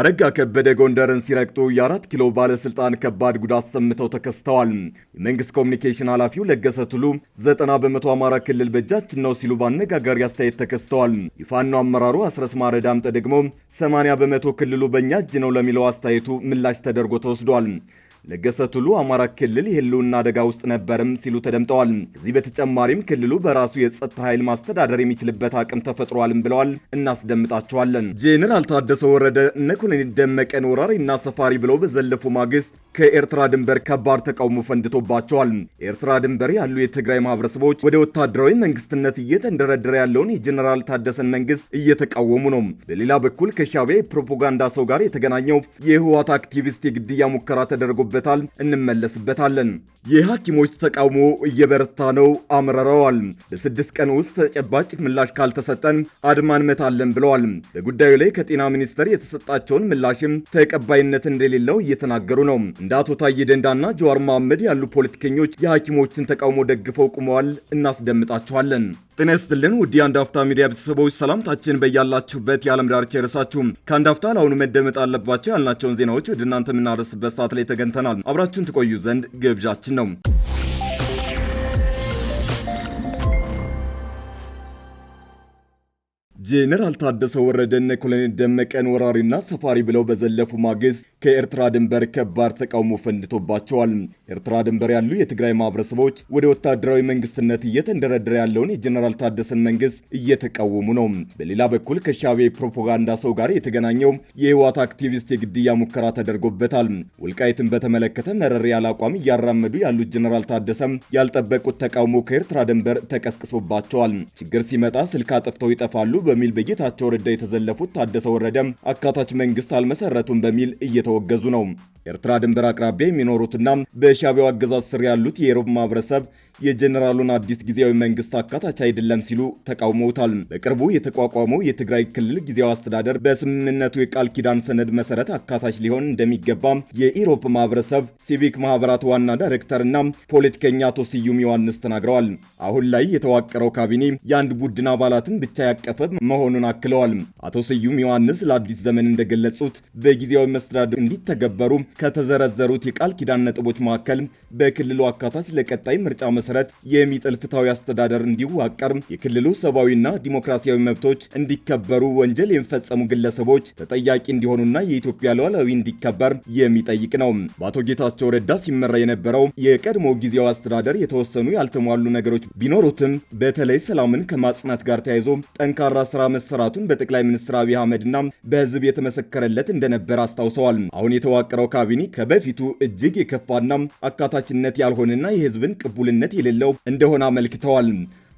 አረጋ ከበደ ጎንደርን ሲረግጡ የአራት ኪሎ ባለስልጣን ከባድ ጉዳት ሰምተው ተከስተዋል። የመንግስት ኮሚኒኬሽን ኃላፊው ለገሰ ቱሉ ዘጠና በመቶ አማራ ክልል በእጃችን ነው ሲሉ በአነጋጋሪ አስተያየት ተከስተዋል። የፋኖ አመራሩ አስረስ ማረ ዳምጠ ደግሞ ሰማንያ በመቶ ክልሉ በእኛ እጅ ነው ለሚለው አስተያየቱ ምላሽ ተደርጎ ተወስዷል። ለገሰ ቱሉ አማራ ክልል የህልውና አደጋ ውስጥ ነበርም ሲሉ ተደምጠዋል። ከዚህ በተጨማሪም ክልሉ በራሱ የጸጥታ ኃይል ማስተዳደር የሚችልበት አቅም ተፈጥሯልም ብለዋል። እናስደምጣቸዋለን። ጄኔራል ታደሰ ወረደ እነ ኮሎኔል ደመቀን ወራሪ እና ሰፋሪ ብለው በዘለፉ ማግስት ከኤርትራ ድንበር ከባድ ተቃውሞ ፈንድቶባቸዋል። ኤርትራ ድንበር ያሉ የትግራይ ማህበረሰቦች ወደ ወታደራዊ መንግስትነት እየተንደረደረ ያለውን የጄኔራል ታደሰን መንግስት እየተቃወሙ ነው። በሌላ በኩል ከሻቢያ የፕሮፓጋንዳ ሰው ጋር የተገናኘው የህወሓት አክቲቪስት የግድያ ሙከራ ተደርጎ ተገኝቶበታል። እንመለስበታለን። የሐኪሞች ተቃውሞ እየበረታ ነው አምረረዋል በስድስት ቀን ውስጥ ተጨባጭ ምላሽ ካልተሰጠን አድማ እንመታለን ብለዋል። በጉዳዩ ላይ ከጤና ሚኒስቴር የተሰጣቸውን ምላሽም ተቀባይነት እንደሌለው እየተናገሩ ነው። እንደ አቶ ታዬ ደንዳና ጀዋር መሐመድ ያሉ ፖለቲከኞች የሐኪሞችን ተቃውሞ ደግፈው ቁመዋል። እናስደምጣችኋለን። ጤና ይስጥልን ውድ የአንድ አፍታ ሚዲያ ቤተሰቦች ሰላምታችን በያላችሁበት የዓለም ዳርቻ ይድረሳችሁ። ከአንድ አፍታ ለአሁኑ መደመጥ አለባቸው ያልናቸውን ዜናዎች ወደ እናንተ የምናደርስበት ሰዓት ላይ ተገኝተናል። አብራችሁን ትቆዩ ዘንድ ግብዣችን ነው። ጄኔራል ታደሰ ወረደን ኮሎኔል ደመቀን ወራሪና ሰፋሪ ብለው በዘለፉ ማግስት ከኤርትራ ድንበር ከባድ ተቃውሞ ፈንድቶባቸዋል። ኤርትራ ድንበር ያሉ የትግራይ ማህበረሰቦች ወደ ወታደራዊ መንግስትነት እየተንደረደረ ያለውን የጀነራል ታደሰን መንግስት እየተቃወሙ ነው። በሌላ በኩል ከሻቤ ፕሮፓጋንዳ ሰው ጋር የተገናኘው የህወሓት አክቲቪስት የግድያ ሙከራ ተደርጎበታል። ወልቃይትን በተመለከተ መረር ያለ አቋም እያራመዱ ያሉት ጀኔራል ታደሰም ያልጠበቁት ተቃውሞ ከኤርትራ ድንበር ተቀስቅሶባቸዋል። ችግር ሲመጣ ስልክ አጥፍተው ይጠፋሉ በሚል በጌታቸው ረዳ የተዘለፉት ታደሰ ወረደም አካታች መንግስት አልመሰረቱም በሚል እየተ እየተወገዙ ነው። ኤርትራ ድንበር አቅራቢያ የሚኖሩትና በሻቢያው አገዛዝ ስር ያሉት የኢሮብ ማህበረሰብ የጀኔራሉን አዲስ ጊዜያዊ መንግስት አካታች አይደለም ሲሉ ተቃውመውታል። በቅርቡ የተቋቋመው የትግራይ ክልል ጊዜያዊ አስተዳደር በስምምነቱ የቃል ኪዳን ሰነድ መሰረት አካታች ሊሆን እንደሚገባ የኢሮብ ማህበረሰብ ሲቪክ ማህበራት ዋና ዳይሬክተርና ፖለቲከኛ አቶ ስዩም ዮሐንስ ተናግረዋል። አሁን ላይ የተዋቀረው ካቢኔ የአንድ ቡድን አባላትን ብቻ ያቀፈ መሆኑን አክለዋል። አቶ ስዩም ዮሐንስ ለአዲስ ዘመን እንደገለጹት በጊዜያዊ መስተዳድር እንዲተገበሩ ከተዘረዘሩት የቃል ኪዳን ነጥቦች መካከል በክልሉ አካታች ለቀጣይ ምርጫ መሰረት የሚጥል ፍትሐዊ አስተዳደር እንዲዋቀር፣ የክልሉ ሰብአዊና ዲሞክራሲያዊ መብቶች እንዲከበሩ፣ ወንጀል የሚፈጸሙ ግለሰቦች ተጠያቂ እንዲሆኑና የኢትዮጵያ ሉዓላዊ እንዲከበር የሚጠይቅ ነው። በአቶ ጌታቸው ረዳ ሲመራ የነበረው የቀድሞ ጊዜያዊ አስተዳደር የተወሰኑ ያልተሟሉ ነገሮች ቢኖሩትም በተለይ ሰላምን ከማጽናት ጋር ተያይዞ ጠንካራ ስራ መሰራቱን በጠቅላይ ሚኒስትር አብይ አህመድና በህዝብ የተመሰከረለት እንደነበር አስታውሰዋል። አሁን የተዋቀረው ካቢኔ ከበፊቱ እጅግ የከፋና አካታችነት ያልሆነና የህዝብን ቅቡልነት የሌለው እንደሆነ አመልክተዋል።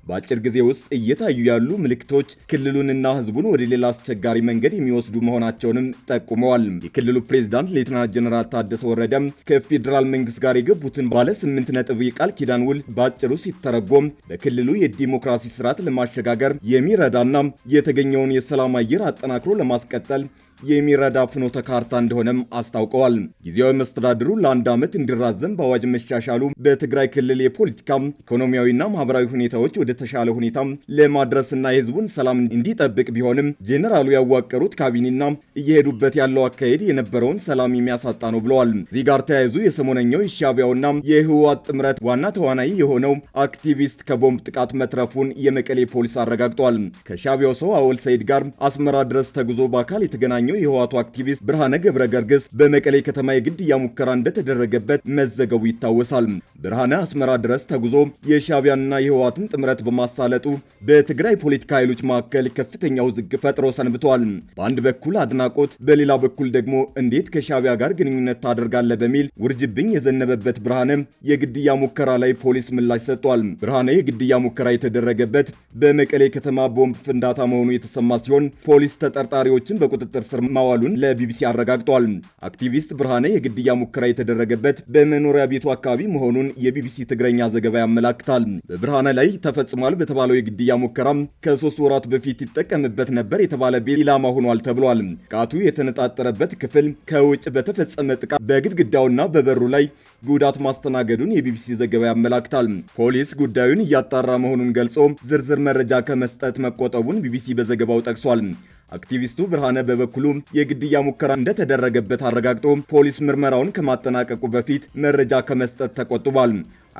በአጭር ጊዜ ውስጥ እየታዩ ያሉ ምልክቶች ክልሉንና ህዝቡን ወደ ሌላ አስቸጋሪ መንገድ የሚወስዱ መሆናቸውንም ጠቁመዋል። የክልሉ ፕሬዝዳንት ሌተና ጀነራል ታደሰ ወረደም ከፌዴራል መንግስት ጋር የገቡትን ባለ ስምንት ነጥብ የቃል ኪዳን ውል በአጭሩ ሲተረጎም በክልሉ የዲሞክራሲ ስርዓት ለማሸጋገር የሚረዳና የተገኘውን የሰላም አየር አጠናክሮ ለማስቀጠል የሚረዳ ፍኖተ ካርታ እንደሆነም አስታውቀዋል። ጊዜያዊ መስተዳድሩ ለአንድ ዓመት እንዲራዘም በአዋጅ መሻሻሉ በትግራይ ክልል የፖለቲካ ኢኮኖሚያዊና ማህበራዊ ሁኔታዎች ወደ ተሻለ ሁኔታ ለማድረስና የህዝቡን ሰላም እንዲጠብቅ ቢሆንም ጄኔራሉ ያዋቀሩት ካቢኔና እየሄዱበት ያለው አካሄድ የነበረውን ሰላም የሚያሳጣ ነው ብለዋል። እዚህ ጋር ተያይዞ የሰሞነኛው የሻቢያውና የህወሓት ጥምረት ዋና ተዋናይ የሆነው አክቲቪስት ከቦምብ ጥቃት መትረፉን የመቀሌ ፖሊስ አረጋግጧል። ከሻቢያው ሰው አወል ሰይድ ጋር አስመራ ድረስ ተጉዞ በአካል የተገናኘው የሚገኘው የህዋቱ አክቲቪስት ብርሃነ ገብረ ገርግስ በመቀሌ ከተማ የግድያ ሙከራ እንደተደረገበት መዘገቡ ይታወሳል። ብርሃነ አስመራ ድረስ ተጉዞ የሻቢያንና የህዋትን ጥምረት በማሳለጡ በትግራይ ፖለቲካ ኃይሎች መካከል ከፍተኛ ውዝግብ ፈጥሮ ሰንብቷል። በአንድ በኩል አድናቆት፣ በሌላ በኩል ደግሞ እንዴት ከሻቢያ ጋር ግንኙነት ታደርጋለህ በሚል ውርጅብኝ የዘነበበት ብርሃነ የግድያ ሙከራ ላይ ፖሊስ ምላሽ ሰጥቷል። ብርሃነ የግድያ ሙከራ የተደረገበት በመቀሌ ከተማ ቦምብ ፍንዳታ መሆኑ የተሰማ ሲሆን ፖሊስ ተጠርጣሪዎችን በቁጥጥር ስር ማዋሉን ለቢቢሲ አረጋግጧል። አክቲቪስት ብርሃነ የግድያ ሙከራ የተደረገበት በመኖሪያ ቤቱ አካባቢ መሆኑን የቢቢሲ ትግረኛ ዘገባ ያመላክታል። በብርሃነ ላይ ተፈጽሟል በተባለው የግድያ ሙከራም ከሶስት ወራት በፊት ይጠቀምበት ነበር የተባለ ቤት ኢላማ ሆኗል ተብሏል። ጥቃቱ የተነጣጠረበት ክፍል ከውጭ በተፈጸመ ጥቃት በግድግዳውና በበሩ ላይ ጉዳት ማስተናገዱን የቢቢሲ ዘገባ ያመላክታል። ፖሊስ ጉዳዩን እያጣራ መሆኑን ገልጾ ዝርዝር መረጃ ከመስጠት መቆጠቡን ቢቢሲ በዘገባው ጠቅሷል። አክቲቪስቱ ብርሃነ በበኩሉ የግድያ ሙከራ እንደተደረገበት አረጋግጦ ፖሊስ ምርመራውን ከማጠናቀቁ በፊት መረጃ ከመስጠት ተቆጥቧል።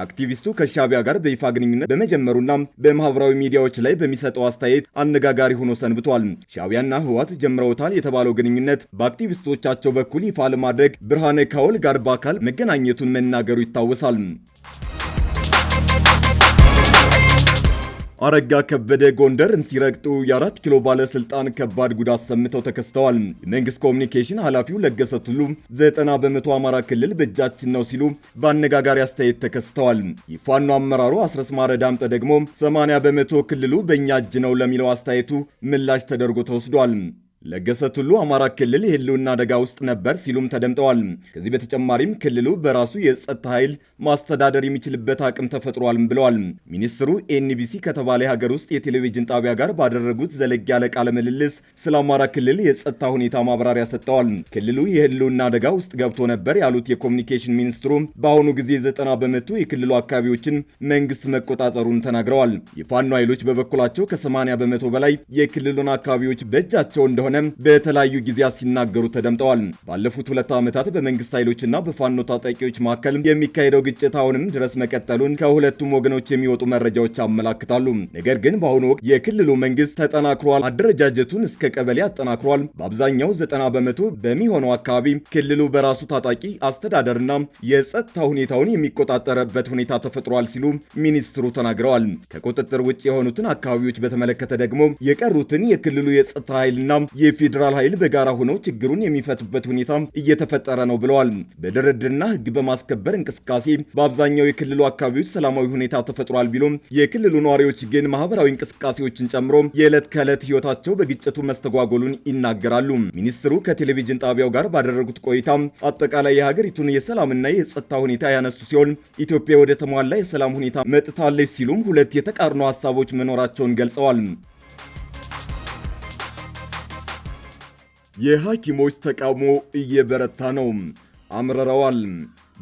አክቲቪስቱ ከሻቢያ ጋር በይፋ ግንኙነት በመጀመሩና በማህበራዊ ሚዲያዎች ላይ በሚሰጠው አስተያየት አነጋጋሪ ሆኖ ሰንብቷል። ሻቢያና ህዋት ጀምረውታል የተባለው ግንኙነት በአክቲቪስቶቻቸው በኩል ይፋ ለማድረግ ብርሃነ ካወል ጋር በአካል መገናኘቱን መናገሩ ይታወሳል። አረጋ ከበደ ጎንደርን ሲረግጡ የአራት ኪሎ ባለስልጣን ከባድ ጉዳት ሰምተው ተከስተዋል። የመንግስት ኮሚኒኬሽን ኃላፊው ለገሰ ቱሉ ዘጠና በመቶ አማራ ክልል በእጃችን ነው ሲሉ በአነጋጋሪ አስተያየት ተከስተዋል። የፋኖ አመራሩ አስረስማረ ዳምጠ ደግሞ 80 በመቶ ክልሉ በእኛ እጅ ነው ለሚለው አስተያየቱ ምላሽ ተደርጎ ተወስዷል። ለገሰ ቱሉ አማራ ክልል የህልውና አደጋ ውስጥ ነበር ሲሉም ተደምጠዋል። ከዚህ በተጨማሪም ክልሉ በራሱ የጸጥታ ኃይል ማስተዳደር የሚችልበት አቅም ተፈጥሯልም ብለዋል። ሚኒስትሩ ኤንቢሲ ከተባለ ሀገር ውስጥ የቴሌቪዥን ጣቢያ ጋር ባደረጉት ዘለግ ያለ ቃለ ምልልስ ስለ አማራ ክልል የጸጥታ ሁኔታ ማብራሪያ ሰጥተዋል። ክልሉ የህልውና አደጋ ውስጥ ገብቶ ነበር ያሉት የኮሚኒኬሽን ሚኒስትሩ በአሁኑ ጊዜ ዘጠና በመቶ የክልሉ አካባቢዎችን መንግስት መቆጣጠሩን ተናግረዋል። የፋኖ ኃይሎች በበኩላቸው ከ80 በመቶ በላይ የክልሉን አካባቢዎች በእጃቸው እንደሆነ እንደሆነም በተለያዩ ጊዜያት ሲናገሩ ተደምጠዋል። ባለፉት ሁለት ዓመታት በመንግስት ኃይሎችና በፋኖ ታጣቂዎች መካከል የሚካሄደው ግጭት አሁንም ድረስ መቀጠሉን ከሁለቱም ወገኖች የሚወጡ መረጃዎች አመላክታሉ። ነገር ግን በአሁኑ ወቅት የክልሉ መንግስት ተጠናክሯል፣ አደረጃጀቱን እስከ ቀበሌ አጠናክሯል። በአብዛኛው ዘጠና በመቶ በሚሆነው አካባቢ ክልሉ በራሱ ታጣቂ አስተዳደርና የጸጥታ ሁኔታውን የሚቆጣጠርበት ሁኔታ ተፈጥሯል ሲሉ ሚኒስትሩ ተናግረዋል። ከቁጥጥር ውጭ የሆኑትን አካባቢዎች በተመለከተ ደግሞ የቀሩትን የክልሉ የጸጥታ ኃይልና የፌዴራል ኃይል በጋራ ሆነው ችግሩን የሚፈቱበት ሁኔታ እየተፈጠረ ነው ብለዋል። በድርድርና ህግ በማስከበር እንቅስቃሴ በአብዛኛው የክልሉ አካባቢዎች ሰላማዊ ሁኔታ ተፈጥሯል ቢሉም የክልሉ ነዋሪዎች ግን ማህበራዊ እንቅስቃሴዎችን ጨምሮ የዕለት ከዕለት ህይወታቸው በግጭቱ መስተጓጎሉን ይናገራሉ። ሚኒስትሩ ከቴሌቪዥን ጣቢያው ጋር ባደረጉት ቆይታ አጠቃላይ የሀገሪቱን የሰላምና የጸጥታ ሁኔታ ያነሱ ሲሆን ኢትዮጵያ ወደ ተሟላ የሰላም ሁኔታ መጥታለች ሲሉም ሁለት የተቃርኖ ሀሳቦች መኖራቸውን ገልጸዋል። የሐኪሞች ተቃውሞ እየበረታ ነው። አምርረዋል።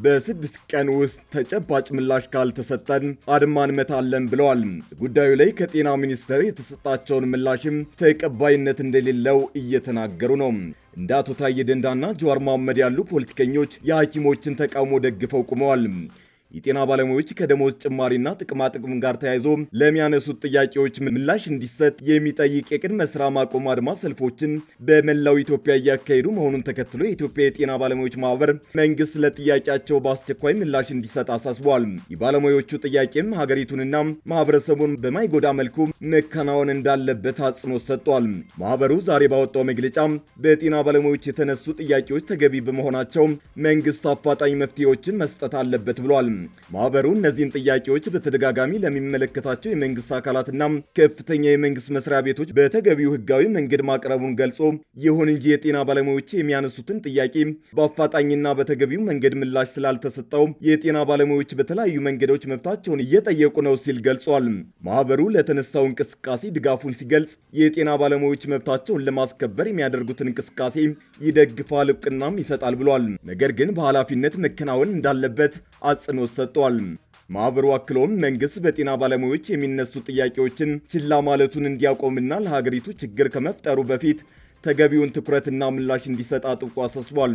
በስድስት ቀን ውስጥ ተጨባጭ ምላሽ ካልተሰጠን አድማ እንመታለን ብለዋል። ጉዳዩ ላይ ከጤና ሚኒስቴር የተሰጣቸውን ምላሽም ተቀባይነት እንደሌለው እየተናገሩ ነው። እንደ አቶ ታዬ ደንዳና ጀዋር መሐመድ ያሉ ፖለቲከኞች የሐኪሞችን ተቃውሞ ደግፈው ቆመዋል። የጤና ባለሙያዎች ከደሞዝ ጭማሪና ጥቅማጥቅም ጋር ተያይዞ ለሚያነሱት ጥያቄዎች ምላሽ እንዲሰጥ የሚጠይቅ የቅድመ ስራ ማቆም አድማ ሰልፎችን በመላው ኢትዮጵያ እያካሄዱ መሆኑን ተከትሎ የኢትዮጵያ የጤና ባለሙያዎች ማህበር መንግስት ለጥያቄያቸው በአስቸኳይ ምላሽ እንዲሰጥ አሳስቧል። የባለሙያዎቹ ጥያቄም ሀገሪቱንና ማህበረሰቡን በማይጎዳ መልኩ መከናወን እንዳለበት አጽንኦት ሰጥቷል። ማህበሩ ዛሬ ባወጣው መግለጫ በጤና ባለሙያዎች የተነሱ ጥያቄዎች ተገቢ በመሆናቸው መንግስት አፋጣኝ መፍትሄዎችን መስጠት አለበት ብሏል። ማህበሩ እነዚህን ጥያቄዎች በተደጋጋሚ ለሚመለከታቸው የመንግስት አካላትና ከፍተኛ የመንግስት መስሪያ ቤቶች በተገቢው ህጋዊ መንገድ ማቅረቡን ገልጾ ይሁን እንጂ የጤና ባለሙያዎች የሚያነሱትን ጥያቄ በአፋጣኝና በተገቢው መንገድ ምላሽ ስላልተሰጠው የጤና ባለሙያዎች በተለያዩ መንገዶች መብታቸውን እየጠየቁ ነው ሲል ገልጿል። ማህበሩ ለተነሳው እንቅስቃሴ ድጋፉን ሲገልጽ የጤና ባለሙያዎች መብታቸውን ለማስከበር የሚያደርጉትን እንቅስቃሴ ይደግፋል፣ እውቅናም ይሰጣል ብሏል። ነገር ግን በኃላፊነት መከናወን እንዳለበት አጽንኦት አጽንኦት ሰጥቷል። ማኅበሩ አክሎም መንግሥት በጤና ባለሙያዎች የሚነሱ ጥያቄዎችን ችላ ማለቱን እንዲያቆምና ለሀገሪቱ ችግር ከመፍጠሩ በፊት ተገቢውን ትኩረትና ምላሽ እንዲሰጥ አጥብቆ አሳስቧል።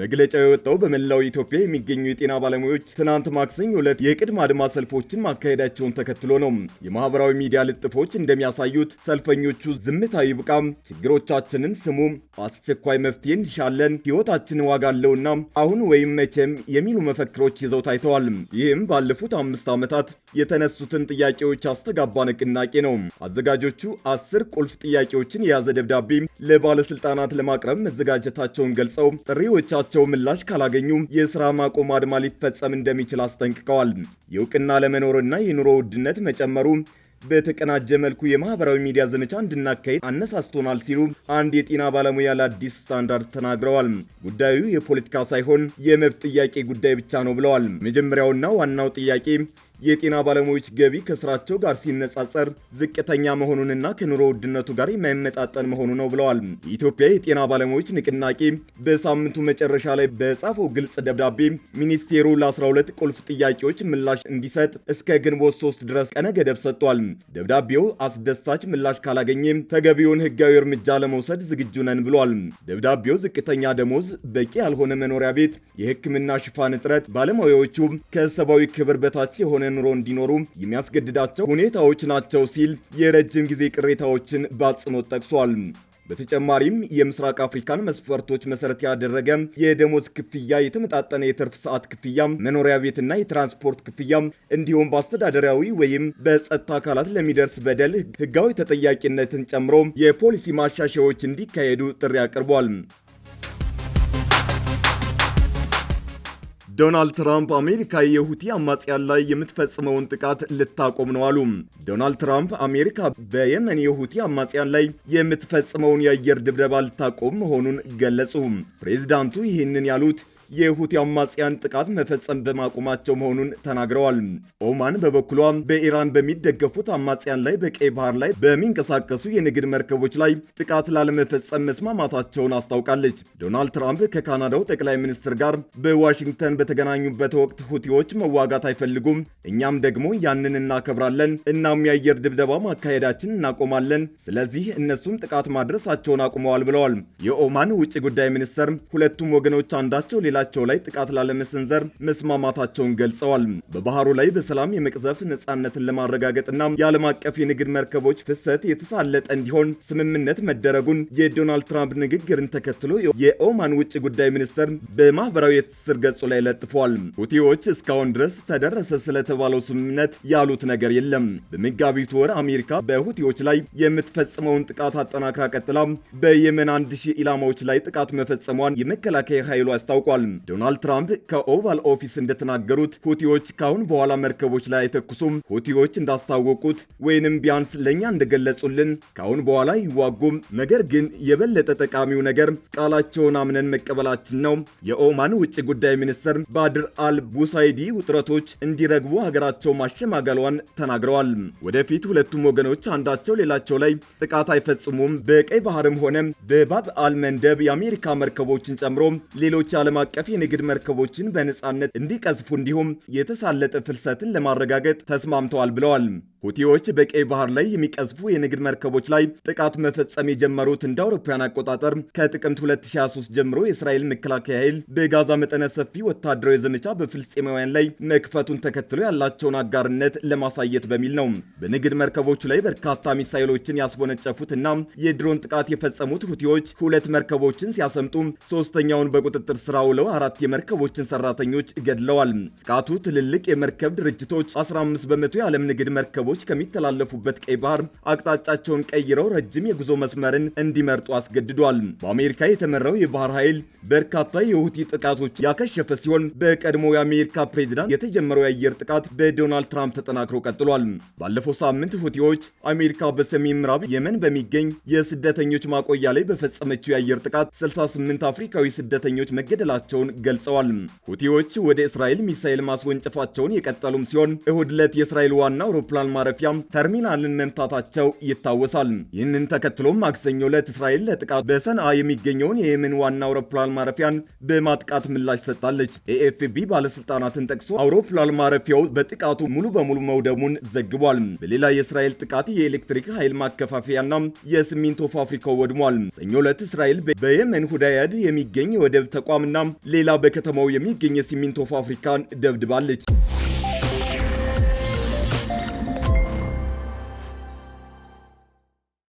መግለጫው የወጣው በመላው ኢትዮጵያ የሚገኙ የጤና ባለሙያዎች ትናንት ማክሰኞ ዕለት የቅድመ አድማ ሰልፎችን ማካሄዳቸውን ተከትሎ ነው። የማህበራዊ ሚዲያ ልጥፎች እንደሚያሳዩት ሰልፈኞቹ ዝምታ ይብቃም፣ ችግሮቻችንን ስሙ፣ አስቸኳይ መፍትሄ እንሻለን፣ ህይወታችን ዋጋ አለውና አሁን ወይም መቼም የሚሉ መፈክሮች ይዘው ታይተዋል። ይህም ባለፉት አምስት ዓመታት የተነሱትን ጥያቄዎች አስተጋባ ንቅናቄ ነው። አዘጋጆቹ አስር ቁልፍ ጥያቄዎችን የያዘ ደብዳቤ ለባለስልጣናት ለማቅረብ መዘጋጀታቸውን ገልጸው ጥሪዎች ጥያቄዎቻቸው ምላሽ ካላገኙ የስራ ማቆም አድማ ሊፈጸም እንደሚችል አስጠንቅቀዋል። የእውቅና ለመኖርና የኑሮ ውድነት መጨመሩ በተቀናጀ መልኩ የማህበራዊ ሚዲያ ዘመቻ እንድናካሄድ አነሳስቶናል ሲሉ አንድ የጤና ባለሙያ ለአዲስ ስታንዳርድ ተናግረዋል። ጉዳዩ የፖለቲካ ሳይሆን የመብት ጥያቄ ጉዳይ ብቻ ነው ብለዋል። መጀመሪያውና ዋናው ጥያቄ የጤና ባለሙያዎች ገቢ ከስራቸው ጋር ሲነጻጸር ዝቅተኛ መሆኑንና ከኑሮ ውድነቱ ጋር የማይመጣጠን መሆኑ ነው ብለዋል። የኢትዮጵያ የጤና ባለሙያዎች ንቅናቄ በሳምንቱ መጨረሻ ላይ በጻፈው ግልጽ ደብዳቤ ሚኒስቴሩ ለ12 ቁልፍ ጥያቄዎች ምላሽ እንዲሰጥ እስከ ግንቦት 3 ድረስ ቀነ ገደብ ሰጥቷል። ደብዳቤው አስደሳች ምላሽ ካላገኘ ተገቢውን ህጋዊ እርምጃ ለመውሰድ ዝግጁ ነን ብሏል። ደብዳቤው ዝቅተኛ ደሞዝ፣ በቂ ያልሆነ መኖሪያ ቤት፣ የህክምና ሽፋን እጥረት፣ ባለሙያዎቹ ከሰብአዊ ክብር በታች የሆነ ኑሮ እንዲኖሩ የሚያስገድዳቸው ሁኔታዎች ናቸው ሲል የረጅም ጊዜ ቅሬታዎችን በአጽንኦት ጠቅሷል። በተጨማሪም የምስራቅ አፍሪካን መስፈርቶች መሰረት ያደረገ የደሞዝ ክፍያ፣ የተመጣጠነ የትርፍ ሰዓት ክፍያ፣ መኖሪያ ቤትና የትራንስፖርት ክፍያ እንዲሁም በአስተዳደራዊ ወይም በጸጥታ አካላት ለሚደርስ በደል ህጋዊ ተጠያቂነትን ጨምሮ የፖሊሲ ማሻሻዎች እንዲካሄዱ ጥሪ አቅርቧል። ዶናልድ ትራምፕ አሜሪካ የሁቲ አማጽያን ላይ የምትፈጽመውን ጥቃት ልታቆም ነው አሉ። ዶናልድ ትራምፕ አሜሪካ በየመን የሁቲ አማጽያን ላይ የምትፈጽመውን የአየር ድብደባ ልታቆም መሆኑን ገለጹ። ፕሬዚዳንቱ ይህንን ያሉት የሁቲ አማጽያን ጥቃት መፈጸም በማቆማቸው መሆኑን ተናግረዋል። ኦማን በበኩሏ በኢራን በሚደገፉት አማጽያን ላይ በቀይ ባህር ላይ በሚንቀሳቀሱ የንግድ መርከቦች ላይ ጥቃት ላለመፈጸም መስማማታቸውን አስታውቃለች። ዶናልድ ትራምፕ ከካናዳው ጠቅላይ ሚኒስትር ጋር በዋሽንግተን በተገናኙበት ወቅት ሁቲዎች መዋጋት አይፈልጉም፣ እኛም ደግሞ ያንን እናከብራለን። እናም የአየር ድብደባ ማካሄዳችን እናቆማለን። ስለዚህ እነሱም ጥቃት ማድረሳቸውን አቁመዋል ብለዋል። የኦማን ውጭ ጉዳይ ሚኒስትር ሁለቱም ወገኖች አንዳቸው ሌላ በመካከላቸው ላይ ጥቃት ላለመሰንዘር መስማማታቸውን ገልጸዋል። በባህሩ ላይ በሰላም የመቅዘፍ ነጻነትን ለማረጋገጥና የዓለም አቀፍ የንግድ መርከቦች ፍሰት የተሳለጠ እንዲሆን ስምምነት መደረጉን የዶናልድ ትራምፕ ንግግርን ተከትሎ የኦማን ውጭ ጉዳይ ሚኒስትር በማህበራዊ የትስስር ገጹ ላይ ለጥፏል። ሁቲዎች እስካሁን ድረስ ተደረሰ ስለተባለው ስምምነት ያሉት ነገር የለም። በመጋቢቱ ወር አሜሪካ በሁቲዎች ላይ የምትፈጽመውን ጥቃት አጠናክራ ቀጥላ በየመን አንድ ሺህ ኢላማዎች ላይ ጥቃት መፈጸሟን የመከላከያ ኃይሉ አስታውቋል። ዶናልድ ትራምፕ ከኦቫል ኦፊስ እንደተናገሩት ሁቲዎች ካሁን በኋላ መርከቦች ላይ አይተኩሱም። ሁቲዎች እንዳስታወቁት ወይንም ቢያንስ ለእኛ እንደገለጹልን ካሁን በኋላ ይዋጉም። ነገር ግን የበለጠ ጠቃሚው ነገር ቃላቸውን አምነን መቀበላችን ነው። የኦማን ውጭ ጉዳይ ሚኒስትር ባድር አል ቡሳይዲ ውጥረቶች እንዲረግቡ ሀገራቸው ማሸማገሏን ተናግረዋል። ወደፊት ሁለቱም ወገኖች አንዳቸው ሌላቸው ላይ ጥቃት አይፈጽሙም። በቀይ ባህርም ሆነ በባብ አል መንደብ የአሜሪካ መርከቦችን ጨምሮ ሌሎች ዓለም አቀፍ አቀፍ የንግድ መርከቦችን በነጻነት እንዲቀዝፉ እንዲሁም የተሳለጠ ፍልሰትን ለማረጋገጥ ተስማምተዋል ብለዋል። ሁቲዎች በቀይ ባህር ላይ የሚቀዝፉ የንግድ መርከቦች ላይ ጥቃት መፈጸም የጀመሩት እንደ አውሮፓውያን አቆጣጠር ከጥቅምት 2023 ጀምሮ የእስራኤል መከላከያ ኃይል በጋዛ መጠነ ሰፊ ወታደራዊ ዘመቻ በፍልስጤማውያን ላይ መክፈቱን ተከትሎ ያላቸውን አጋርነት ለማሳየት በሚል ነው። በንግድ መርከቦቹ ላይ በርካታ ሚሳይሎችን ያስወነጨፉት እና የድሮን ጥቃት የፈጸሙት ሁቲዎች ሁለት መርከቦችን ሲያሰምጡ ሶስተኛውን በቁጥጥር ስራ ውለው አራት የመርከቦችን ሰራተኞች ገድለዋል። ጥቃቱ ትልልቅ የመርከብ ድርጅቶች 15 በመቶ የዓለም ንግድ መርከቦች ከሚተላለፉበት ቀይ ባህር አቅጣጫቸውን ቀይረው ረጅም የጉዞ መስመርን እንዲመርጡ አስገድዷል። በአሜሪካ የተመራው የባህር ኃይል በርካታ የሁቲ ጥቃቶች ያከሸፈ ሲሆን በቀድሞ የአሜሪካ ፕሬዚዳንት የተጀመረው የአየር ጥቃት በዶናልድ ትራምፕ ተጠናክሮ ቀጥሏል። ባለፈው ሳምንት ሁቲዎች አሜሪካ በሰሜን ምዕራብ የመን በሚገኝ የስደተኞች ማቆያ ላይ በፈጸመችው የአየር ጥቃት 68 አፍሪካዊ ስደተኞች መገደላቸው መሆናቸውን ገልጸዋል። ሁቲዎች ወደ እስራኤል ሚሳኤል ማስወንጨፋቸውን የቀጠሉም ሲሆን እሁድ ዕለት የእስራኤል ዋና አውሮፕላን ማረፊያ ተርሚናልን መምታታቸው ይታወሳል። ይህንን ተከትሎ ማክሰኞ ዕለት እስራኤል ለጥቃት በሰንአ የሚገኘውን የየመን ዋና አውሮፕላን ማረፊያን በማጥቃት ምላሽ ሰጥታለች። ኤኤፍቢ ባለስልጣናትን ጠቅሶ አውሮፕላን ማረፊያው በጥቃቱ ሙሉ በሙሉ መውደሙን ዘግቧል። በሌላ የእስራኤል ጥቃት የኤሌክትሪክ ኃይል ማከፋፈያና የሲሚንቶ ፋብሪካው ወድሟል። ሰኞ ዕለት እስራኤል በየመን ሁዳያድ የሚገኝ የወደብ ተቋምና ሌላ በከተማው የሚገኝ ሲሚንቶ ፋብሪካን ደብድባለች።